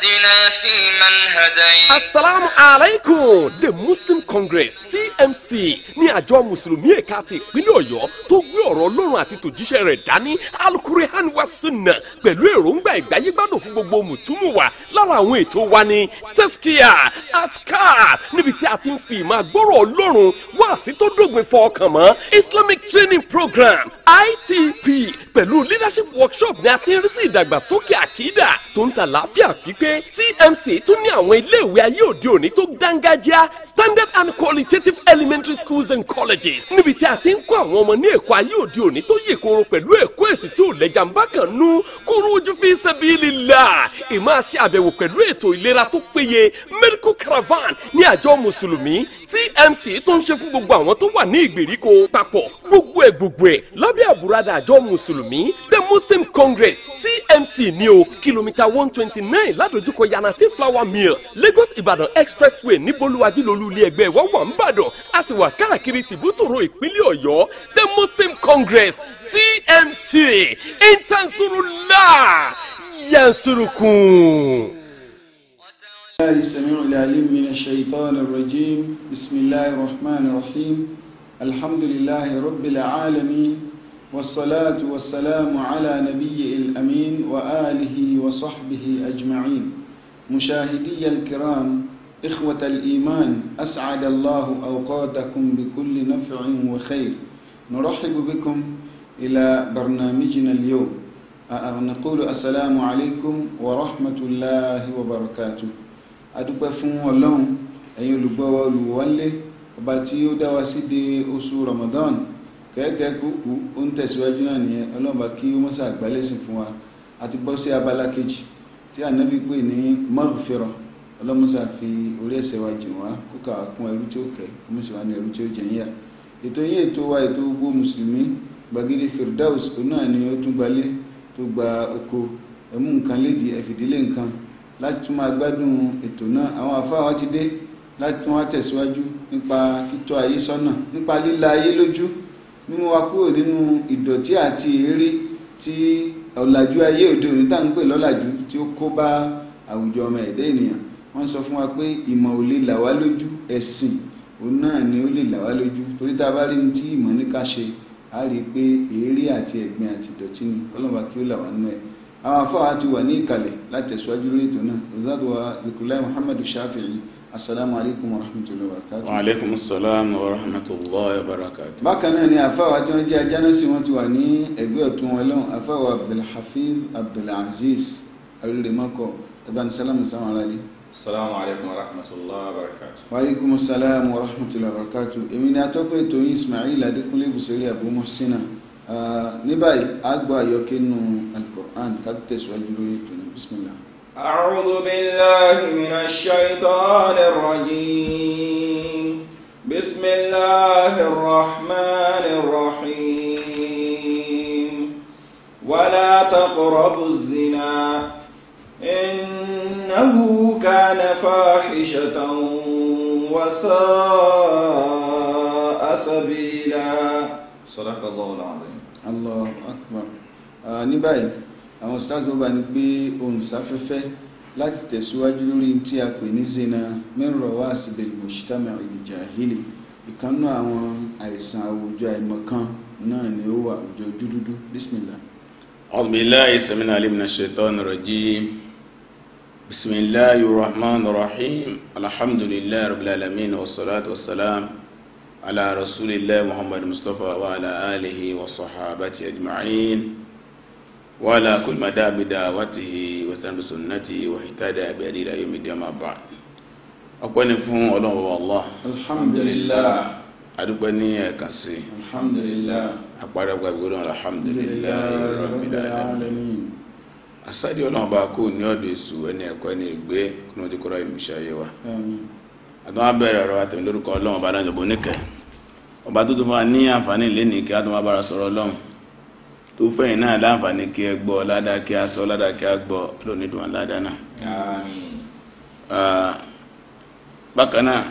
واهدنا asalaamu alaykum the muslim congress tmc ní àjọ mùsùlùmí ẹ̀ka ti ìpínlẹ̀ ọ̀yọ́ tó gbé ọ̀rọ̀ ọlọ́run àti tòjíṣẹ́ rẹ̀ dání alukurihan wa sunna pẹ̀lú èròǹgbà ìgbáyégbádùn fún gbogbo mùtúmù wa lára àwọn ètò wa ní tẹ́síkìá askar níbi tí a ti ń fi ìmọ̀ àgbọ̀rọ̀ ọlọ́run wá sí tó dògbìn fọ ọkàn mọ́ islamic training program ITP pẹ̀lú leadership workshop ni a ti ń rí sí ìdàgbàsókè àkídà tó ń ta láàfíà pípé TMC tún ní àwọn iléèwé ayé òde òní tó dángájá standard and qualitative elementary schools and colleges níbi tí a ti ń kọ́ àwọn ọmọ ní ẹ̀kọ́ ayé òde òní tó yè koro pẹ̀lú ẹ̀kọ́ èsì tí ò lẹ́jà ń bá kàn nú kúrú ojú fi sabilillah ìmọ̀ àṣẹ àbẹ̀wò pẹ̀lú ètò ìlera tó péye medical caravan ní àjọ mùsùlùmí TMC tó ń ṣe fún gbogbo àwọn tó wà ní ìgbèríko papọ̀ gbogbo Abia Burada àjọ mùsùlùmí the Muslim Congress TMC ní o kìlómítà one twenty nine ládojúkọ Yanati flower mill Lagos Ibadan expressway níbolúwájú lolú ilé ẹgbẹ́ wa wà ń bàdàn a sì wà káàkiri tìbútòrò ìpínlẹ̀ Ọ̀yọ́ the Muslim Congress TMC intansurula yansurukun. الله السميع العليم من الشيطان الرجيم بسم الله الرحمن الرحيم الحمد لله رب العالمين والصلاة والسلام على نبي الأمين وآله وصحبه أجمعين مشاهدي الكرام إخوة الإيمان أسعد الله أوقاتكم بكل نفع وخير نرحب بكم إلى برنامجنا اليوم نقول السلام عليكم ورحمة الله وبركاته أدوك فمو اللهم أيها olùgbọ́ wa olùwọlé ọba أسو رمضان kẹ́kẹ́ kúkú ó ń tẹ̀síwájú náà nìyẹn ọlọ́mọba kí ó mọ́sá àgbálẹ́sìn fún wa àti bọ́ sí abala kejì tí ànábì pè ní mọ́rùfẹ́rọ̀ ọlọ́mọsá fi orí ẹ̀ṣẹ̀ wa jìn wá kó kà á kún ẹrú tí ó kẹ́ kó wa ní ẹrú tí ó jẹ níyà ètò yìí ètò wa ètò gbogbo mùsùlùmí gbàgede firdaus òun náà ni ó tún gbalé tó gba oko ẹmú nǹkan lédi ẹfìdílé nǹkan láti tún máa gbádùn ètò náà àwọn àfáà wa ti dé láti tún wá tẹ̀síwájú nípa títọ́ ayé sọ́nà nípa líla ayé lójú mímú wa kúrò nínú ìdọ̀tí àti èérí tí ọ̀làjú ayé òde òní tá à ń pè lọ́làjú tí ó kó bá àwùjọ ọmọ ẹ̀dá ènìyàn wọ́n sọ fún wa pé ìmọ̀ ò lè là wá lójú ẹ̀sìn òun náà ni ó lè là wá lójú torí tá a bá rí ní tí ìmọ̀ ní ká ṣe a rí i pé èérí àti ẹ̀gbin àti ìdọ̀tí ni kọ́lọ́mọba kí ó là wá nínú ẹ̀ àwọn afọ́ àti wà ní ìkàlẹ̀ láti lórí ètò náà rosado wa muhammadu shafi'i asalaamu aleykum wa rahmatulahi wa barakatu. wa aleykum salaam wa rahmatulahi wa barakatu. bákan náà ni àfáwà tí wọ́n jẹ́ ajánásí wọn ti wà ní ẹgbẹ́ ọ̀tún wọn lọ́hùn àfáwà abdulhafiz abdulaziz alùrẹ̀mọ́kọ ẹ̀bánu sálámù sáwọn aráàlú. salaamu aleykum wa rahmatulahi wa barakatu. wa aleykum salaam wa rahmatulahi wa barakatu. èmi ni atọ́kọ̀ ètò yín ismail adékúnlé busari abu ní báyìí a gbọ́ nù alukur'an ká lórí ètò ní bisimilah. أعوذ بالله من الشيطان الرجيم بسم الله الرحمن الرحيم ولا تقربوا الزنا إنه كان فاحشة وساء سبيلا صدق الله العظيم الله أكبر آه نبايل àwọn stars mọba ni pé ohun sáfẹ́fẹ́ láti tẹ̀síwájú lórí tí a pè ní zina mẹ́rọ̀ wá síbẹ̀lì mọ̀ṣítàmẹ́ ìjà hílì ìkànnà àwọn àìsàn àwùjọ àìmọ̀kan náà ni ó wà àwùjọ ojú dúdú bísmìlá. ọ̀bìnlá ìsẹ̀mínà alẹ́mìnà ṣètò ọ̀nàrọ̀ jí bisimilayi rahman rahim alhamdulilayi rabbil alamin wa ala rasulillah muhammad mustapha wa ala alihi wa sahabati ajma'in. وعلى كل مدى بدعوته وسلم بسنته واهتدى بهدي الى يوم الدين ما بعد ọpẹ́ ni fún Ọlọ́run wa Allah alhamdulillah adúpẹ́ ní ẹ̀kan sí alhamdulillah àpárẹ́gbà ìgbóná alhamdulillah rabbil alamin asáde Ọlọ́run bá kó ní ọ̀dọ̀ èṣù ẹni ẹ̀kọ́ ẹni ìgbé kúrò tí kúrò ìmúṣẹ́ ayé wa àtọ́ wọn bẹ̀rẹ̀ ọ̀rọ̀ àtẹ̀mí lórúkọ Ọlọ́run bá dájọ́ bó níkẹ́ ọba tó fún wa ní àǹfààní lẹ́nìí kí á tó máa bára sọ̀rọ̀ Ọlọ́run tó fẹ́yìn náà láǹfààní kí ẹ gbọ́ ládá kí a sọ ládá kí a gbọ́ lónìdùn ládá náà bákan náà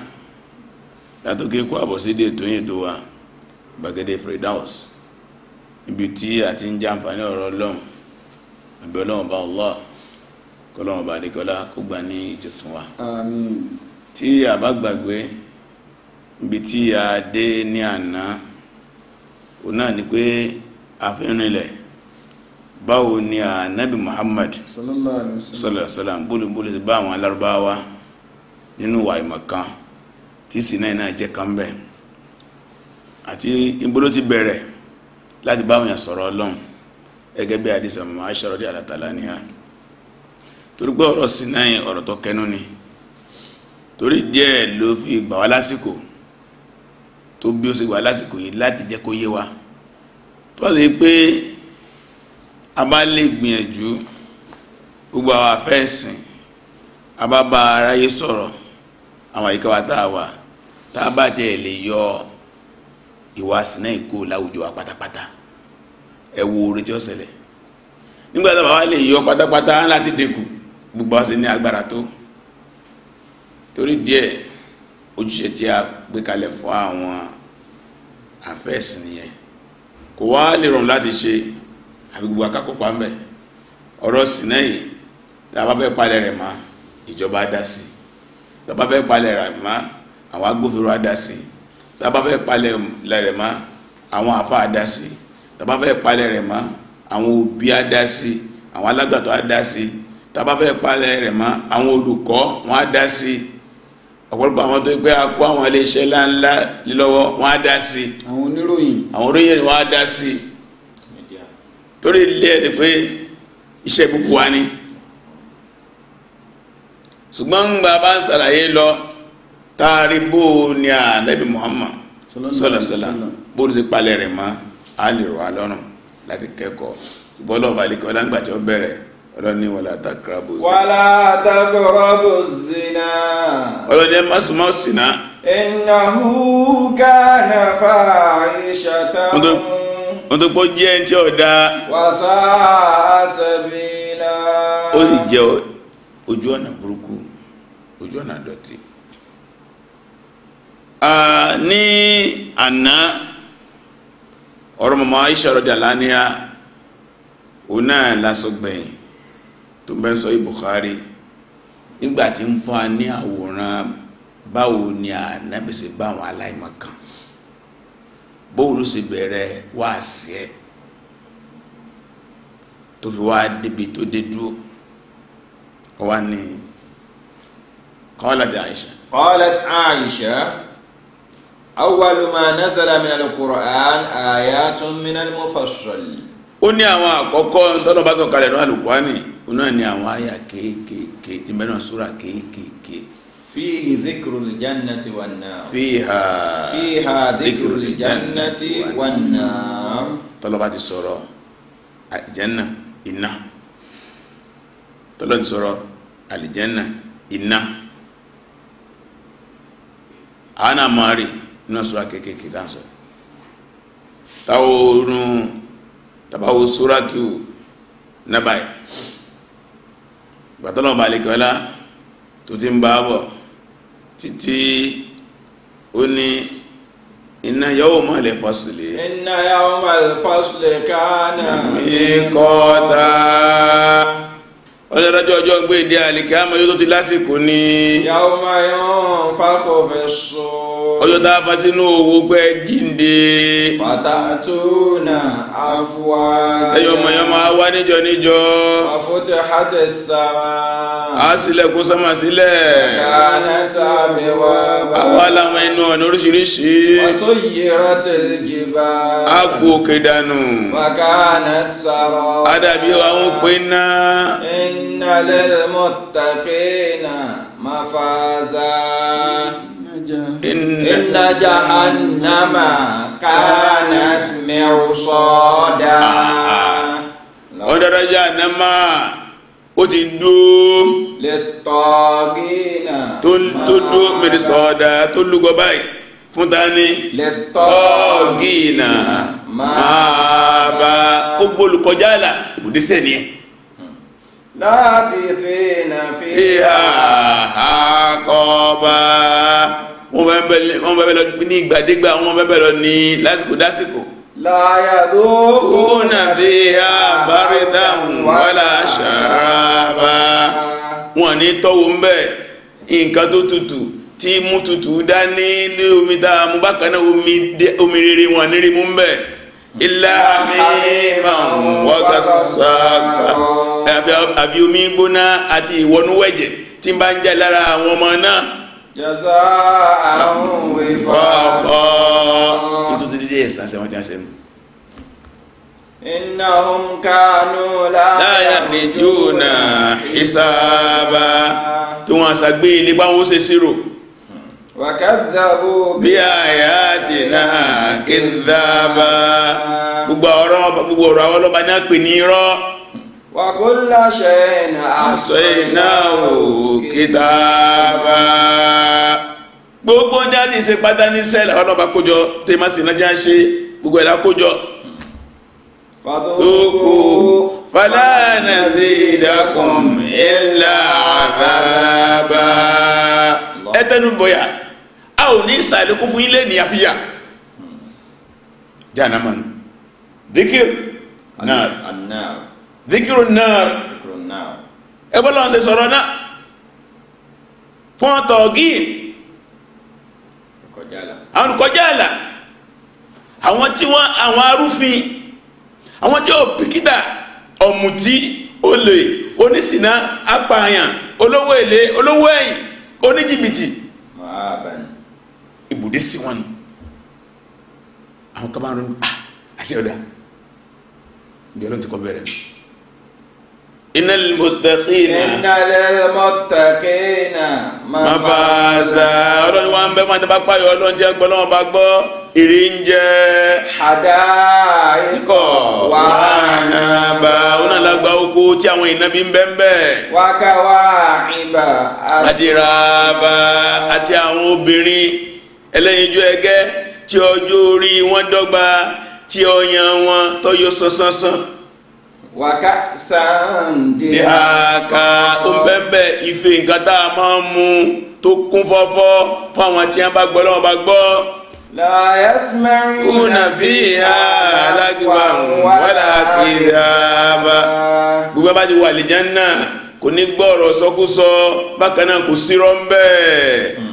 látòkè kó àbọ̀sídé tó yìn tó wa gbàgede fredaus ibi tí a ti ń jàǹfààní ọ̀rọ̀ ọlọ́run àbí ọlọ́run ọba Allah kọlọ́run ọba adékọlá kó gbà ní ìjọsìn wa tí a bá gbàgbé ibi tí a dé ní àná òun náà ni pé àfihànilẹ̀ báwo ni ànábì muhammad sallallahu bólúbólú ti bá àwọn alárúbáwá nínú wà ìmọ̀kan tí sinai náà jẹ́ kan bẹ̀ àti ìbóló ti bẹ̀rẹ̀ láti bá àwọn sọ̀rọ̀ ọlọ́run gẹ́gẹ́ bí àdìsàn mọ́ aṣọ́rọ̀ dí àlàtàlá ni a torí pé ọ̀rọ̀ sinai ọ̀rọ̀ tó kẹnu ni torí díẹ̀ ló fi gbà wá lásìkò tó bí ó sì gbà wá lásìkò yìí láti jẹ́ kó yé wa tó bá ti pé a bá lè gbìyànjú gbogbo àwọn afẹ́sìn a bá bá aráyé sọ̀rọ̀ àwọn àyíká wa tá a wà tá a bá tiẹ̀ lè yọ ìwà sinẹ́ ìkó láwùjọ wa pátápátá ẹ wo oore tí ó ṣẹlẹ̀ nígbà tí a bá wà lè yọ pátápátá láti dínkù gbogbo àwọn sì agbára tó torí díẹ̀ ojúṣe tí a gbé kalẹ̀ fún àwọn afẹ́sìn nìyẹn kò wá lè rọrùn láti ṣe àbí gbogbo akákọ̀pá ń bẹ̀ ọ̀rọ̀ sinẹ́yìn tàbá fẹ́ palẹ̀ rẹ̀ mọ́ ìjọba dá sí tàbá fẹ́ palẹ̀ rẹ̀ mọ́ àwọn agbófinró dá sí tàbá fẹ́ palẹ̀ rẹ̀ mọ́ àwọn àfáà dá sí tàbá fẹ́ palẹ̀ rẹ̀ mọ́ àwọn òbí dá sí àwọn alágbàtọ́ dá sí tàbá fẹ́ palẹ̀ rẹ̀ mọ́ àwọn olùkọ́ wọn dá sí ọ̀pọ̀lọpọ̀ àwọn tó gbé akó àwọn iléeṣẹ́ ńláńlá lílọ́wọ́ wọ́n á dá sí i. àwọn oníròyìn. àwọn oníròyìn ni wọ́n á dá sí i. torí ilé ẹ̀ pé iṣẹ́ gbogbo wa ni. ṣùgbọ́n ń gba bá ń ṣàlàyé lọ táàrí bó o ní ànábì Muhammad sọlọsọlá bó o ti palẹ̀ rẹ̀ mọ́ a lè rọ̀ á lọ́rùn láti kẹ́kọ̀ọ́ ìbọ́lọ̀ balẹ̀ kí ọlá bẹ̀rẹ̀ ọlọ́ni wàlá àtàkùrọ̀bù zina. wàlá àtàkùrọ̀bù zina. ọlọ́ni ẹ má súnmọ́ zina. innahu kana fahishatan. wọ́n tó pọ̀ jẹ́ ẹni tí ò dáa. wàsá àṣẹbìlá. ó sì jẹ́ ojú ọ̀nà burúkú ojú ọ̀nà dọ̀tí. ní àná ọ̀rọ̀ mọ̀mọ́ Aisha radiyallahu anha òun náà lásọgbẹ̀yìn tó ń sọ Bukhari nígbà tí ń fún wa ní àwòrán báwo ni Ànábì ṣe aláìmọ̀kan bóun ló sì bẹ̀rẹ̀ wáàsí ẹ̀ tó fi wá débi tó dé dúró wá ní Aisha. qalat Aisha awwalu ma nazala min al-Qur'an ayatun min al-mufassal. ó ní àwọn àkọ́kọ́ bá náà ni àwọn àyà kéékèèké tí mẹ́rin náà súra kéékèèké. fihi dhikru l-jannati wan-nar. fiha fiha dhikru l-jannati wan-nar. tọ́lọ́ba ti sọ̀rọ̀ àlìjẹ́nà iná tọ́lọ́ ti sọ̀rọ̀ àlìjẹ́nà iná àánà máa náà súra kéékèèké tá táwọn orun tàbáwo súra tù nábàáyé gbàtọ́lọ̀ balẹ̀kọ́lá tó ti ń bá bọ̀ títí ó ní iná yàwó mọ́ ilẹ̀ fọ́sílẹ̀ iná yàwó mọ́ ilẹ̀ fọ́sílẹ̀ káánà mi kọ́ta ọlọ́dọ́jọ́ ọjọ́ gbé ìdí àlìkẹ́ àmọ́jọ́ tó ti lásìkò ní yàwó mọ́ yàn fáfọ́ fẹ́ sọ́ọ́ ọjọ́ tá a fa sínú owó pẹ́ jíǹde. fata tó na afuwa. ẹyọ ọmọ yẹn máa wá níjọ níjọ. àfótẹ hàtẹ sàmà. a sílẹ̀ kó sàmà sílẹ̀. kàánà tá a mi wá bá. àwa làwọn ẹnu ọ̀nà oríṣiríṣi. wàṣọ yìíra tẹ̀lé jìbá. a kú òkè dànù. wàkàánà sàrọ. adàbí àwọn pé ná. innal muttaqina mafaza. إن جهنم كانت مرصادا ọ̀dọ̀dọ̀ jahannama ó ti dúó lè tọ́gínà tó dúó mẹ́rìsọ̀ọ́dà lè tọ́gínà máa bá ó gbólùkọjá àlà ìbùdísẹ̀ nìyẹn láàbí fèèna fèèna àkọ́bá bẹ́ẹ̀ lọ ní ìgbàdégbà wọn bẹ́ẹ̀ lọ ní lásìkò dásìkò. láyà tó kú nàbí àbárídàmù wàlà ṣàràbà wọn ní tọ́wọ́ ń bẹ̀ nǹkan tó tutù tí mú tutù dání ní omi tá mú bákan náà omi rere wọn nírí mú ń bẹ̀ ilá mímọ́ wọ́gàsáàgbà àfi omi gbóná àti ìwọ́nú wẹ̀jẹ̀ tí ń bá ń jẹ́ lára àwọn ọmọ náà jọ́sọ́ àwọn òwe fọ́ọ̀kọ́ nítorí dídé ẹ̀sán ṣe wọ́n ti ń ṣe mú. innahum kanu láyà nìjúnà ìsáàbà tí wọ́n àṣàgbé ilé báwọn ó ṣe ṣírò. wàkàdàbò bí àyà ti náà kí n dábàá gbogbo ọ̀rọ̀ àwọn ọlọ́ba ní àpè ní irọ́. وكل شيء أحصيناه كتابا gbogbo ní àti ìṣe pátá ní sẹ́ẹ̀lì àwọn ọba kójọ tèmásì náà jẹ́ à ṣe gbogbo ẹ̀dá kójọ. tókù fala nazidakum illa adhaba. ẹ tẹnu bọyà a ò ní ìsàlẹ̀kùn fún ilé ní àfíyà. jẹ́ àná mọ́ni. dikir náà zikiru náà ẹgbẹ́ lọ́n ṣe sọ̀rọ̀ náà fún ọ̀tọ̀ gíì àwọn olùkọjá àlà àwọn tí wọ́n àwọn arúfin àwọn tí ó bìkítà ọ̀mùtí olè onísìná apààyàn olówó èlé olówó ẹ̀yìn oníjìbìtì ibùdó sí wọn ni àwọn kan ń ronú ah àṣẹ ọ̀dà ìjọba ti kọ bẹ̀rẹ̀ mi. إن المتقين إن للمتقين مفازا ọlọ́run wa ń bẹ́ fún àti bá pààyọ̀ ọlọ́run jẹ́ gbọ́ lọ́wọ́ bá gbọ́ ìrì ń jẹ́ hadaiqa wa anaba ọ̀nà làgbà oko tí àwọn ìnàbí ń bẹ́ ń bẹ́. wa kawa'iba wàká sàǹdé. bíhàkà ó bẹ́ẹ̀ ife nǹkan tá a máa ń mu tó kún fọ́fọ́ fún àwọn tí wọ́n bá gbọ́ lọ́wọ́ bá gbọ́. la yasma'una fiha lágbà wàlá kìdàbà. gbogbo bá ti wà lè jẹ́ náà kò ní gbọ́ ọ̀rọ̀ sọkúsọ bákan náà kò sí ń bẹ́ẹ̀.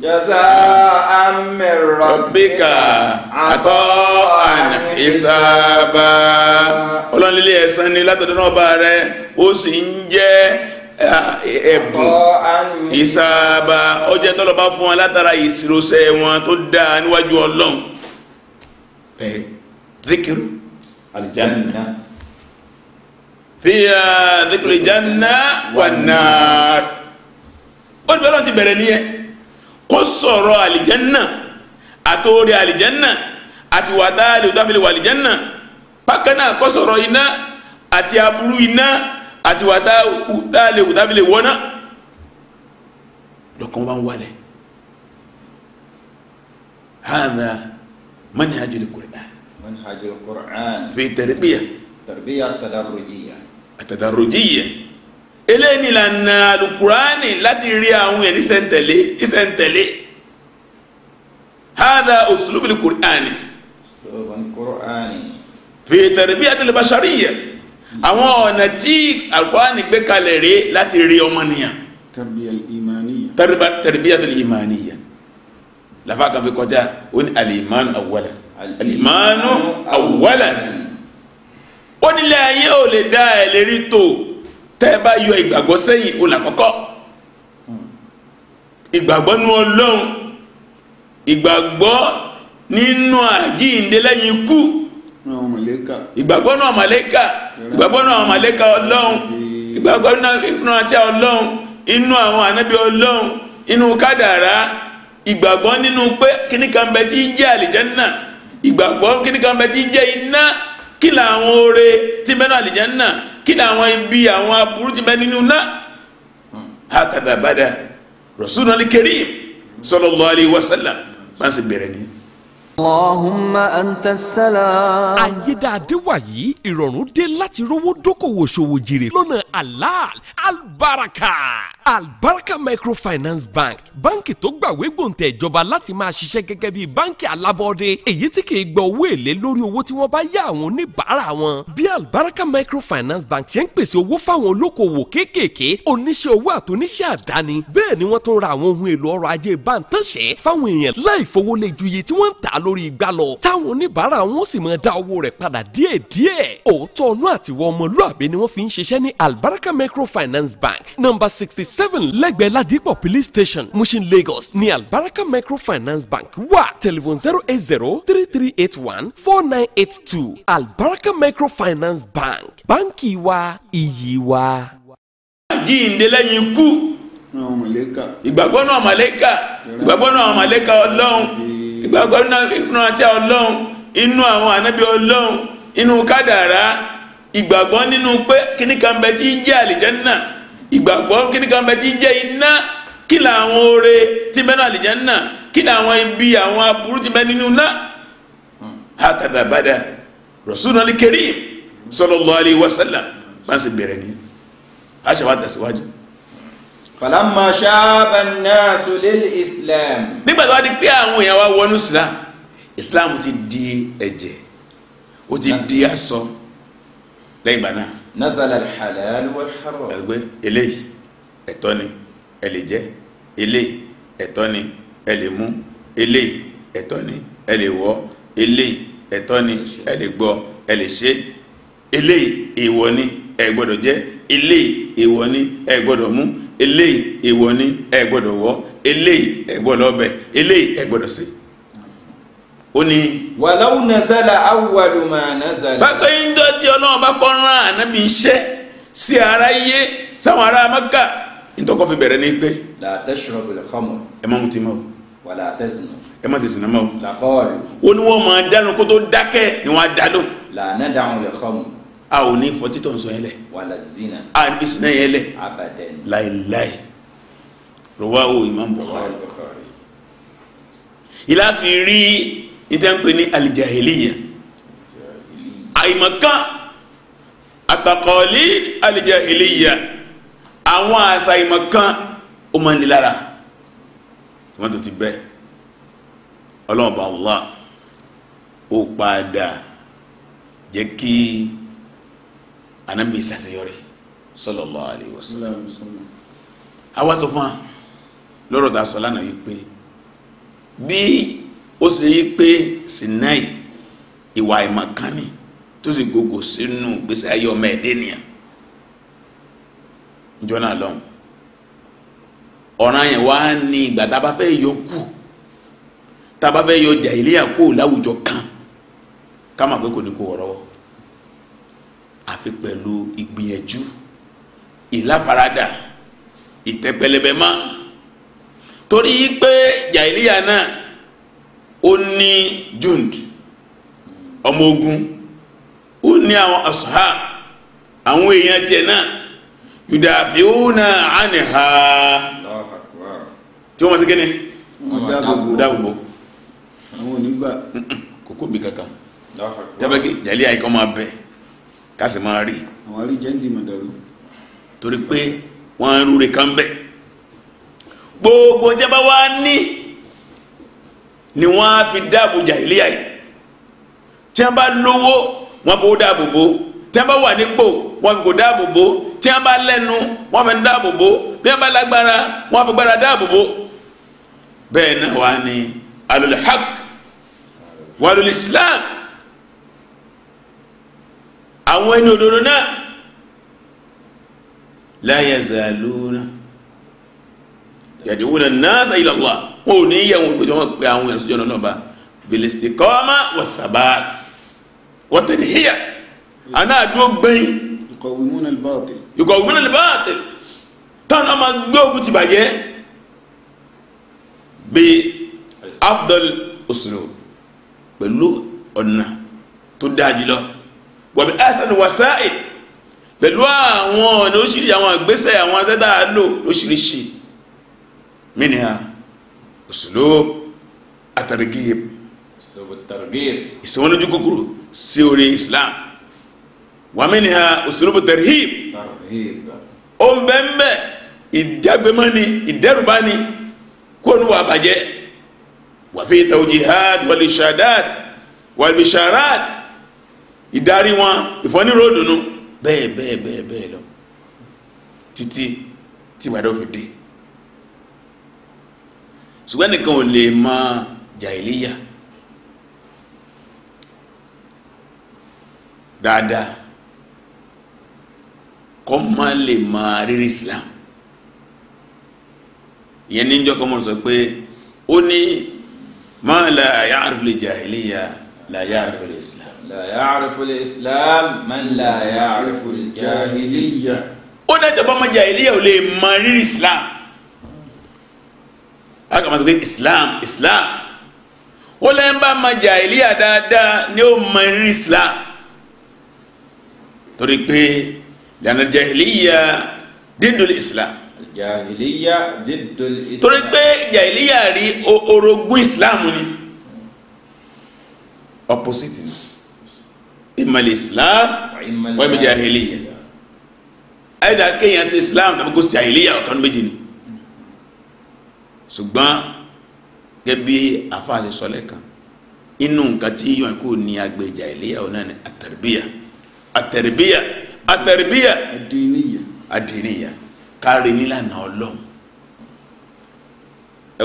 جزاء من ربك عطاء حسابا ọlọ́run lílé ẹ̀san ni látọ̀dọ̀ náà bá rẹ ó sì ń jẹ́ ẹ̀bùn ìsáàbà ó jẹ́ tọ́lọ̀ bá fún wọn látara ìṣirọ́sẹ́ wọn tó dáa níwájú ọlọ́run bẹ̀rẹ̀ díkìrù alìjánná fíyà díkìrù ìjánná wà náà ó ti bẹ̀rẹ̀ ní kosoro sọ̀rọ̀ àtòrí àlìjẹ́nà àti wadali òtáfẹ́lẹ̀ wàlìjẹ́nà pakana kosoro iná àti aburú iná àti wàdáàlì òtáfẹ́lẹ̀ wọ́ná lọ́kàn bá wálẹ̀ hàdà manhajul Qur'an manhajul Qur'an fi tarbiyah tarbiyah tadarrujiyah tadarrujiyah eléyìí ìlànà alukurani láti rí àwọn ẹni sẹ́ńtẹ̀lé ìsẹ́ńtẹ̀lé hada usulubil kur'ani fi tarbiyatil bashariyya àwọn ọ̀nà tí alukurani gbé kalẹ̀ rè láti rí ọmọnìyàn tarbiyatil imaniyya lafa kan fi kọjá ó ní alimanu awwalan alimanu awwalan ó nílé ayé ò lè dá ẹ̀ lérí tó tẹ́ ẹ bá yọ ìgbàgbọ́ sẹ́yìn o làkọ́kọ́ ìgbàgbọ́ nínú ọlọ́run ìgbàgbọ́ nínú àjíǹde lẹ́yìn ikú ìgbàgbọ́ nínú àmàlẹ́kà ìgbàgbọ́ nínú àmàlẹ́kà ọlọ́run ìgbàgbọ́ nínú àti ọlọ́run inú àwọn ànábì ọlọ́run inú kádàrá ìgbàgbọ́ nínú pé kíní kan bẹ tí jẹ́ àlìjẹ́nà ìgbàgbọ́ kíní kan bẹ tí jẹ́ iná kí làwọn oore tí mẹ́nu àlìjẹ́nà kí ni àwọn ibi àwọn aburú ti bẹ nínú náà hakadà bàdà rasulul karim sallallahu alaihi wasallam máa ń ṣe bẹ̀rẹ̀ ni Allahumma anta salam. Ayédáadé wàyí, ìrọ̀rùn dé láti rówó dókòwò ṣòwò jèrè lọ́nà halal albaraka. Albaraka microfinance bank báǹkì tó gbàwé gbòǹtẹ̀ ìjọba láti máa ṣiṣẹ́ gẹ́gẹ́ bí báǹkì alábọ́dé èyí tí kì í gba owó èlé lórí owó tí wọ́n bá yá àwọn oníbàárà wọn. Bí Albaraka microfinance bank ṣe ń pèsè owó fáwọn olókoòwò kéékèèké oníṣẹ́ owó àtúnṣe àdáni bẹ́ẹ̀ ni wọ́n tún ra àwọn ohun èlò ọrọ̀ ajé bántánṣe fáwọn èèyàn láì fowó lé ju iye lórí igbá lọ táwọn oníbàárà wọn sì máa dá owó rẹ̀ padà díẹ̀díẹ̀ òótọ́ ọ̀nù àtiwọ́ ọmọlúàbí ni wọ́n fi ń ṣiṣẹ́ ní albaraka microfinance bank number sixty seven lẹ́gbẹ̀ẹ́ ladipo police station mushin lagos ní albaraka microfinance bank wà telephone zero eight zero three three eight one four nine eight two albaraka microfinance bank báńkì wa iyì wa. jíǹde lẹ́yìn ikú ìgbàgbọ́ náà màlẹ́kà ìgbàgbọ́ náà màlẹ́kà ọlọ́run ìgbàgbọ́ nínú àti ọlọ́run inú àwọn ànábì ọlọ́run inú kádàrá ìgbàgbọ́ nínú pé kíní kan bẹ tí jẹ́ àlìjẹ́nà ìgbàgbọ́ kíní kan bẹ tí jẹ́ iná kí làwọn oore tí bẹ nínú àlìjẹ́nà kí làwọn ibi àwọn aburú tí bẹ nínú náà hakada bada rasulun alikarim sallallahu alaihi wasallam máa ń sì bẹ̀rẹ̀ ní aṣèwádìí tẹ̀síwájú falamma shaba nnasu lil islam. nígbà tó wá di pé àwọn èèyàn wa wọnú islam islam ti di ẹ̀jẹ̀ ó ti di aṣọ lẹ́yìn ìgbà náà. nazala al-halal wal-haram. ẹgbẹ́ eléyìí ẹ̀tọ́ ni ẹ lè jẹ eléyìí ẹ̀tọ́ ni ẹ lè mú eléyìí ẹ̀tọ́ ni ẹ lè wọ̀ eléyìí ẹ̀tọ́ ni ẹ lè gbọ́ ẹ lè ṣe eléyìí èèwọ̀ ni ẹ gbọ́dọ̀ jẹ eléyìí èèwọ̀ ni ẹ gbọ́dọ̀ mú eléyìí èèwọ̀ ni ẹ gbọ́dọ̀ wọ̀ eléyìí ẹ gbọ́dọ̀ ọbẹ̀ eléyìí ẹ gbọ́dọ̀ sí. ó ní. wàláwù nazala awwalu ma nazala. pápẹ́ yín dọ́tí ọlọ́run bá kọ́ rán ànábì iṣẹ́ sí ara yé sáwọn ará maka ntọ́kọ́ fi bẹ̀rẹ̀ ní pé. la tashrabu al-khamr. ẹ má mutí mọ́. wala tazinu. ẹ má tẹ̀sìn náà mọ́. làkọ́ọ̀lù. ó ní wọ́n máa dánú kó dákẹ́ ni wọ́n á dánú. la a ò ní fọ títọ̀ nsọ yẹn lẹ̀ a ní sinna yẹn lẹ̀ láìláì rawahu imam bukhari ìlàfi rí ìtẹ́npẹ́ ní alijahiliya àyìmọ̀ká àtàkọ́lé alijahiliya àwọn àṣà àyìmọ̀ká ó máa ní lára wọ́n ti bẹ́ẹ̀ ọlọ́ọ̀bà allah ó padà jẹ́ kí anabi ìsàsẹyọrí sallallahu alaihi wasallam àwa sọ fún wa lọ́rọ̀ tá a sọ lánàá yìí pé bí ó sì yí sinai ìwà ìmọ̀kánì tó sì gògò sínú gbèsè ayé ọmọ ẹ̀dẹ́ nìyẹn jọ́nà lọ́hùn ọ̀ràn yẹn wá ní ìgbà tá a bá fẹ́ yọ kù kan ká mà pé kò ní kó àfi pẹ̀lú ìgbìyànjú ìláfaradà ìtẹ̀pẹlẹbẹ mọ́ torí pé jàìlíyà náà ó ní jund ọmọ ogun ó ní àwọn asuha àwọn èèyàn tiẹ̀ náà yudafiuna anha tí wọ́n ma ṣe kí ni dáàbòbò àwọn onígbà kókó bí kankan jábàgé jàìlíyà yìí kọ́ máa bẹ̀ ká sì máa rí. àwọn àríjẹ́ ń di mọ̀dàrú. torí pé wọ́n ń rúre kan bẹ́ẹ̀ gbogbo jẹba wa ní ni wọ́n á fi dáàbò jàhílíyà yìí tí wọ́n bá lówó wọ́n fowó dáàbò bò tí wọ́n bá wà nípò wọ́n fi kò dáàbò bò tí wọ́n bá lẹ́nu wọ́n fi dáàbò bò tí wọ́n bá lágbára wọ́n fi gbára dáàbò bò bẹ́ẹ̀ náà wà ní alul haq islam àwọn ẹni òdodo náà la yazaluna yad'una an-nasa ila Allah wọn ò ní yẹ wọn pé wọn pe àwọn ẹ̀rọ sójú ọ̀nà náà bá bil istiqama wa thabat wa tanhiya àná àdúró gbẹ̀yìn yuqawwimuna al tán ọmọ gbé ogun ti bàjẹ́ bí afdal uslub pẹ̀lú ọ̀nà tó dáa jùlọ wàbí ẹsẹ̀ni wàsáì pẹ̀lú àwọn ọ̀nà oríṣiríṣi àwọn ìgbésẹ̀ àwọn asẹ́dá lò lóṣiríṣi mínìhà òṣèlú àtàrígìyẹ ìsìnwọ́nlójú kúkúrú sí orí Islam wà mínìhà òṣèlú tarhib ó ń bẹ́ ń bẹ́ ìdágbémọ́ni ìdẹ́rùbáni kóònù wà bàjẹ́ wà fi tawjihad wal irshadad wal ìdarí wọn ìfọ́níró dùnú bẹ́ẹ̀ bẹ́ẹ̀ bẹ́ẹ̀ bẹ́ẹ̀ lọ títí tí ìbàdàn fi dé ṣùgbọ́n nìkan ò lè mọ jàìlíyà dáadáa kọ́ má lè mọ rírí Islam ìyẹn níjọ́ kan mọ̀ sọ pé ó ní má la ya'rif al-jahiliya la islam لا يعرف الإسلام من لا يعرف الجاهلية. al-jahiliya. ó dájọ́ bá ọmọ jahiliya ò lè mọ rírì islam a kà máa sọ pé islam islam ó lẹ́yìn bá ọmọ jahiliya dáadáa ni ó mọ rírì islam torí pé lànà jahiliya dídùn islam jahiliya dídùn islam torí pé jahiliya rí orogún islam ni opposite ni imal islam wa imal jahiliya ayida kéèyàn ṣe islam tàbí kó ṣe jahiliya ọ̀kan méjì ni ṣùgbọ́n gẹ́gẹ́ bí afáàṣẹ sọlẹ̀ kan inú nǹkan tí yọ̀ kó ní agbè jahiliya ọ̀nà ni àtẹ̀rẹ̀bíyà àtẹ̀rẹ̀bíyà àtẹ̀rẹ̀bíyà àdìníyà àdìníyà kárí nílànà ọlọ́run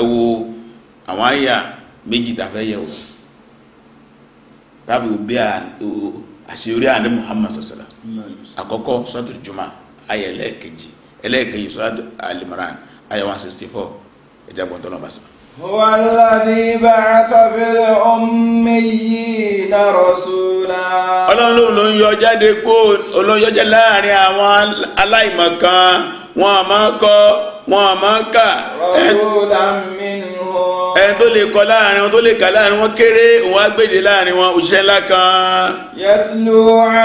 ẹ wo àwọn àyà méjì tàfẹ́ yẹ̀ wò tábì òbí àṣeyọrí àná muhammad sọsọlá àkọ́kọ́ sọ́tù juma ayé ẹlẹ́ẹ̀kejì ẹlẹ́ẹ̀kejì sọ́tù alimran ayé one sixty four ẹ̀jẹ̀ gbọ́ntọ́ náà bá sọ. هو الذي بعث في الأميين رسولا ọlọ́run ló ń yọ jáde kó olóyún yọ láàrin àwọn aláìmọ̀kan wọn àmọ́ kọ́ wọn àmọ́ kà. rọ́sùlá mi ẹni tó lè kọ láàrin wọn tó lè kà láàrin wọn kéré òun agbèdè láàrin wọn òṣìṣẹ́ ńlá kan. yatlu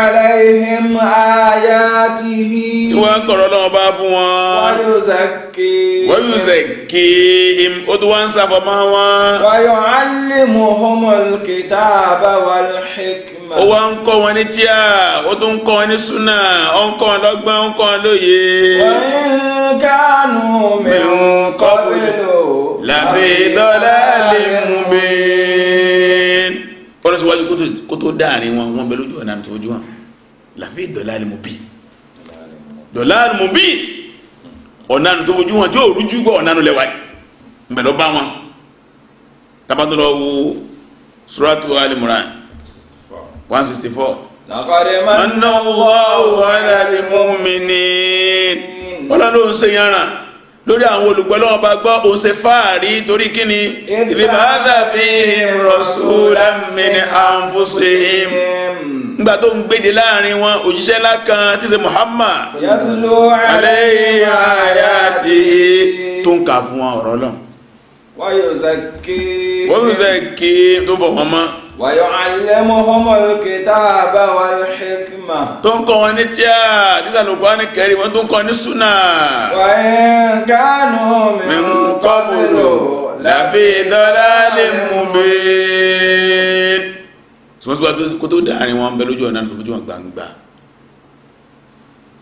alayhim ayatihi. tí wọ́n ń kọ̀rọ̀ lọ́wọ́ bá fún wọn. wa yuzakkihim. wa yuzakkihim ó tó wá ń sàfọ̀mọ́ wọn. wa yu'allimuhumul kitaba wal hikma ó wá ń kọ́ wọn ní tíà ó tún ń kọ́ wọn ní súnà ó ń kọ́ wọn lọ́gbọ́n ó ń kọ́ wọn lóye. kánú mi ń kọ́ pẹ̀lú. làbẹ́ ìdọ́lá lè mú bẹ́ẹ̀. wọ́n lọ síwájú kó tó dáàrin wọn wọ́n bẹ lójú ọ̀nà àti ojú wọn làbẹ́ ìdọ́lá lè mú bí. dọ́là lè mú bí ọ̀nà àti ojú wọn tí ò rújú gbọ́ ọ̀nà àti lẹ́wàá ń bẹ̀ bá wọn tabatọlọ suratu alimuran one sixty four. làkàdé manna Allahu ala al-mu'minin. ọlọ́run ló ń ṣe lórí àwọn olùgbọ́lọ́wọ́ bá gbọ́ ó ṣe torí kíni. ìbáàdà fihim rasulan min anfusihim. nígbà tó ń gbéde láàrin wọn òjíṣẹ́ ńlá kan tí ṣe Muhammad. yatlu alayhi ayatihi tó ń kà fún ọ̀rọ̀ náà. wa yuzakki. wa yuzakki tó fọ̀ wọn mọ́ wàyọ̀alẹ́mọ́hómọ́ kìtàbà wà hikma. tó ń kọ́ wọn ní tíà títà ló gbọ́ ní kẹrì wọn tó ń kọ́ ní súnà. wàyẹ̀ kánú mi ń kọ́ bòlò làbí lọ́lá lè mú bẹ́ẹ̀. sọ́mọ́sọ́gbà kó tó dáhàrin wọn bẹ lójú ọ̀nà tó fojú wọn gbangba.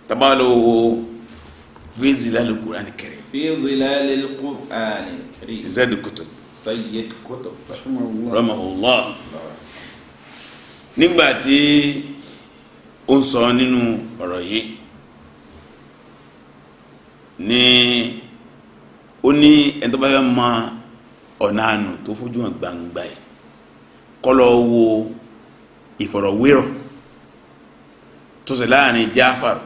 tábàlò wo fíìsì lálẹ́ kúránì kẹrì. fíìsì lálẹ́ kúránì kẹrì. ìzẹ́dùkùtù. Sayyid Qutb rahimahullah nígbà tí ó ń sọ nínú ọ̀rọ̀ yìí ní ó ní ẹni tó bá fẹ́ mọ ọ̀nà àánú tó fojú hàn gbangba yìí kó lọ wo ìfọ̀rọ̀wérọ̀ tó ṣe láàrin Jafar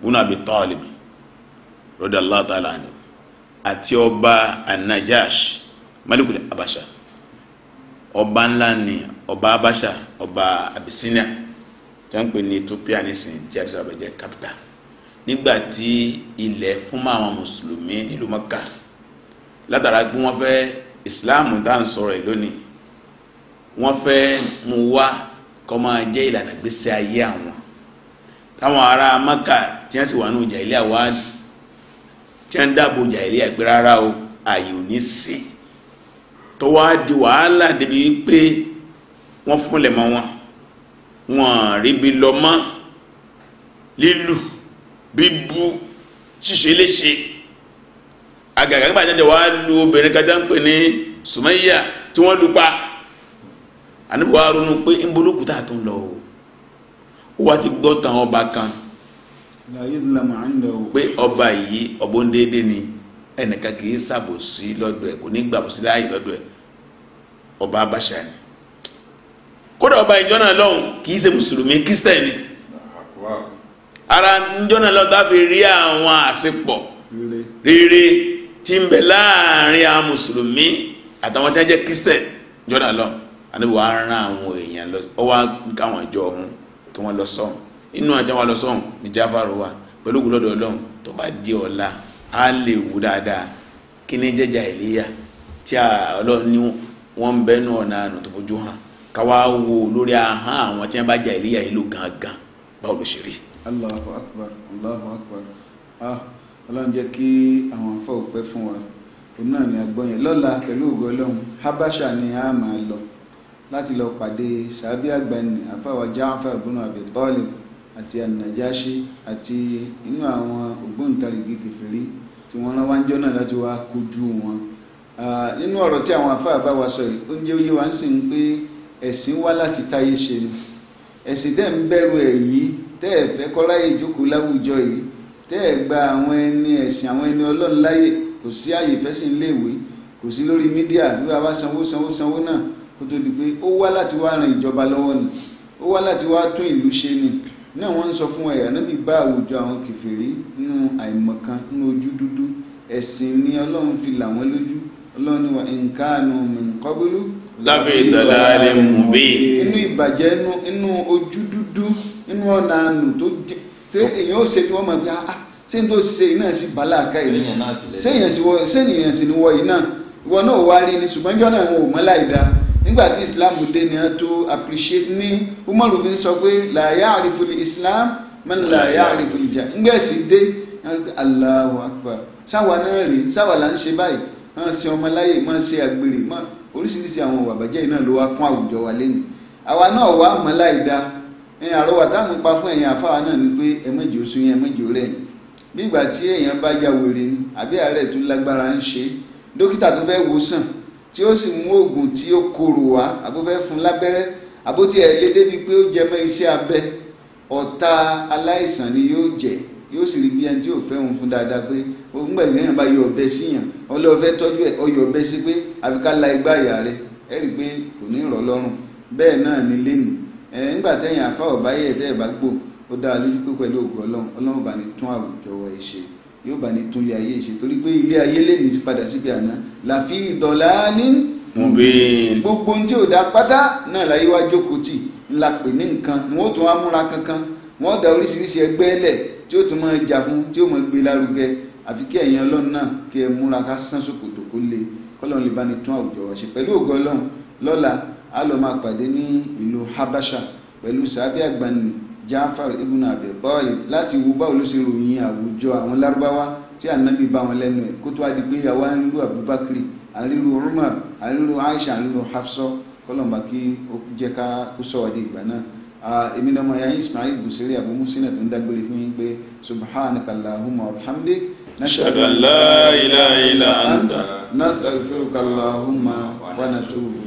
bùnú Abi Talib radiyallahu ta'ala anhu àti ọba an malikul abasha ọba ńlá ni ọba abasha ọba abisina, tí wọ́n ń pè ní ethiopia nísìnyí jẹ́ addis ababa jẹ́ capital nígbà tí ilẹ̀ fún àwọn mùsùlùmí nílùú mọ́kà látara pé wọ́n fẹ́ ìsìláàmù dá ń sọ̀rọ̀ ẹ̀ lónìí wọ́n fẹ́ mú wá kó máa jẹ́ ìlànà gbèsè ayé àwọn táwọn ará mọ́kà tí wọ́n sì wà ní ìjà ilé tí wọ́n dáàbò ìjà ilé àgbẹ̀ rárá o sí i tó wá di wàhálà débi pé wọ́n fúnlẹ̀ mọ́ wọn wọ́n ríbi lọ mọ́ lílù bíbú ṣíṣe léṣe àgàgà nígbà jẹjẹ wàá lu obìnrin kájá ń pè ní Sumayya tí wọ́n lu pa àníbò wa ronú pé ń bolókù tá a tún lọ ó wá ti gbọ́ tàn ọba kan pé ọba yìí ọbọ̀n déédéé ni ẹnìkan kì í ṣàbòsí lọ́dọ̀ ẹ̀ kò ní gbàbòsí láàyè lọ́dọ̀ ẹ̀ ọba abáṣà ni kódà ọba ìjọ náà lọ́hùn kì í ṣe mùsùlùmí kírísítẹ́nì ara ìjọ náà lọ́hùn fi rí àwọn àṣepọ̀ rere ti ń bẹ láàrin àwọn mùsùlùmí àtàwọn tí wọ́n jẹ́ kírísítẹ́nì ìjọ náà lọ́hùn rán àwọn èèyàn lọ ọwọ́ káwọn ìjọ ọ̀hún kí wọ́n lọ sọ́hùn inú lọ ní jáfàrò wa pẹ̀lú tó bá ọ̀la á lè wú dáadáa kí ni jẹ́jà wọ́n ń bẹ́nu ọ̀nà àná tó fojú hàn káwá wo lórí ahọ́n àwọn tí wọ́n bá jà ìlíyà yìí ló gangan báwo ló ṣe rí. Allahu akbar Allahu akbar ah ọlọ́run jẹ́ kí àwọn afọ́ òpẹ́ fún wa òun náà ni àgbọ̀n yẹn lọ́la pẹ̀lú ògo ọlọ́run habasha ni a máa lọ láti lọ pàdé sàbí àgbàni àfàwà Ja'far ibn Abi Talib àti ànàjáṣí àti inú àwọn ògbóǹtarìgì kèfèrí tí wọ́n rán wáńjọ́ náà láti wá kojú wọn nínú ọ̀rọ̀ tí àwọn àfáà bá wa sọ yìí ó ń jẹ́ oyé wa ń sìn pé ẹ̀sìn wá láti táyé ṣe ni ẹ̀sìn dẹ̀ ń bẹ̀rù ẹ̀ yìí tẹ́ ẹ̀ fẹ́ kọ́láyè ìjókòó láwùjọ yìí tẹ́ ẹ̀ gba àwọn ẹni ẹ̀sìn àwọn ẹni ọlọ́run láyè kò sí àyè fẹ́sìn iléèwé kò sí lórí mídíà bí wàá bá sanwó sanwó sanwó náà kó tó di pé ó wá láti wá ran ìjọba lọ́wọ́ ni ó wá láti wá tún ìlú ṣe ni náà wọ́n ń sọ fún ẹ̀yà níbi bá àwùjọ àwọn kèfèrí nínú àìmọ̀kan nínú ojú dúdú ẹ̀sìn ni ọlọ́run fi là wọ́n lójú ọlọ́ni wa nkanu min qablu láfi dalalin mubin inú ìbàjẹ́ inú ojú dúdú inú ọ̀nà àánú tó jẹ́ èyàn ó ṣe tí wọ́n mọ̀ bí ah, ah ṣé n tó ṣe iná sí bàlákà yìí sẹ́yìn sì ni wọ iná ìwọ náà wá rí ni ṣùgbọ́n ìjọ náà ò mọ́ láì nígbà tí islam dé ni a tó appreciate ní umaru fi sọ pé la ya'rifu islam man la ya'rifu ìjà ńgbẹ̀sì dé Allahu akbar sáwa náà rèé sáwa là ń ṣe báyìí hàn sí ọmọláyè máa ṣe àgbèrè mọ́ oríṣiríṣi àwọn òwà bàjẹ́ iná ló wá kún àwùjọ wa lẹ́nu àwa náà wà á láì da ẹ̀yìn àrọ́wà táwọn pa fún ẹ̀yìn àfáà náà ni pé ẹ̀mẹ́jì oṣù yẹn ẹ̀mẹ́jì rẹ̀ bí ìgbà tí èèyàn bá ya wèrè ni àbí àárẹ̀ tó lágbára ń ṣe dókítà tó fẹ́ wò sàn tí ó sì mú oògùn tí ó korò wá àbó fẹ́ fún lábẹ́rẹ́ àbó tiẹ̀ lé débi pé ó jẹ mọ́ iṣẹ́ abẹ ọ̀tá aláìsàn ni yóò jẹ́ yóò sì rí bí ẹni tí yóò fẹ́ òun fún dáadáa pé nígbà tí èèyàn bá yọ ọ̀bẹ sí yàn ọlọ́ọ̀ fẹ́ tọ́jú ẹ̀ ọyọ ọ̀bẹ sí pé àfi ká la igbá ìyá rẹ ẹ rí i pé kò ní rọ̀ lọ́rùn bẹ́ẹ̀ náà ni lẹ́nu ẹ̀ nígbà tẹ̀yìn àfa ọ̀báyé ẹ̀ tẹ́ẹ̀ bá gbò ó dá lójú pé pẹ̀lú ògùn ọlọ́run ọlọ́run bá ní tún àwùjọ wa ṣe yóò bá ní tún ilé ayé ṣe torí pé ilé ayé lẹ́nu tí ó tún máa jà fún tí ó máa gbé lárugẹ àfi kí ẹ̀yin ọlọ́run náà kí ẹ múra ká sán ṣòkòtò kó le kọ́lọ́run lè bá ní tún àwùjọ wa ṣe pẹ̀lú ògo ọlọ́run lọ́la a lọ máa pàdé ní ìlú Habasha pẹ̀lú sàábì àgbàni Jafar ibn Abi Talib láti wo báwo ló ṣe ròyìn àwùjọ àwọn lárúbáwá tí ànábì bá wọn lẹ́nu ẹ̀ kó tó adi pé yàwó àrílù Abubakar àrílù Umar àrílù Aisha àrílù Hafsa kọ́lọ́mbà kí ó jẹ́ ká kó sọ̀rọ̀ dé ìgbà náà èmi ni ọmọ yẹn Ismail Busiri Abu Musina tó ń dágbére fún yín pé subhanakallahumma wa bihamdik. nashhadu an la ilaha illa anta. nastaghfiruka Allahumma wa natubu.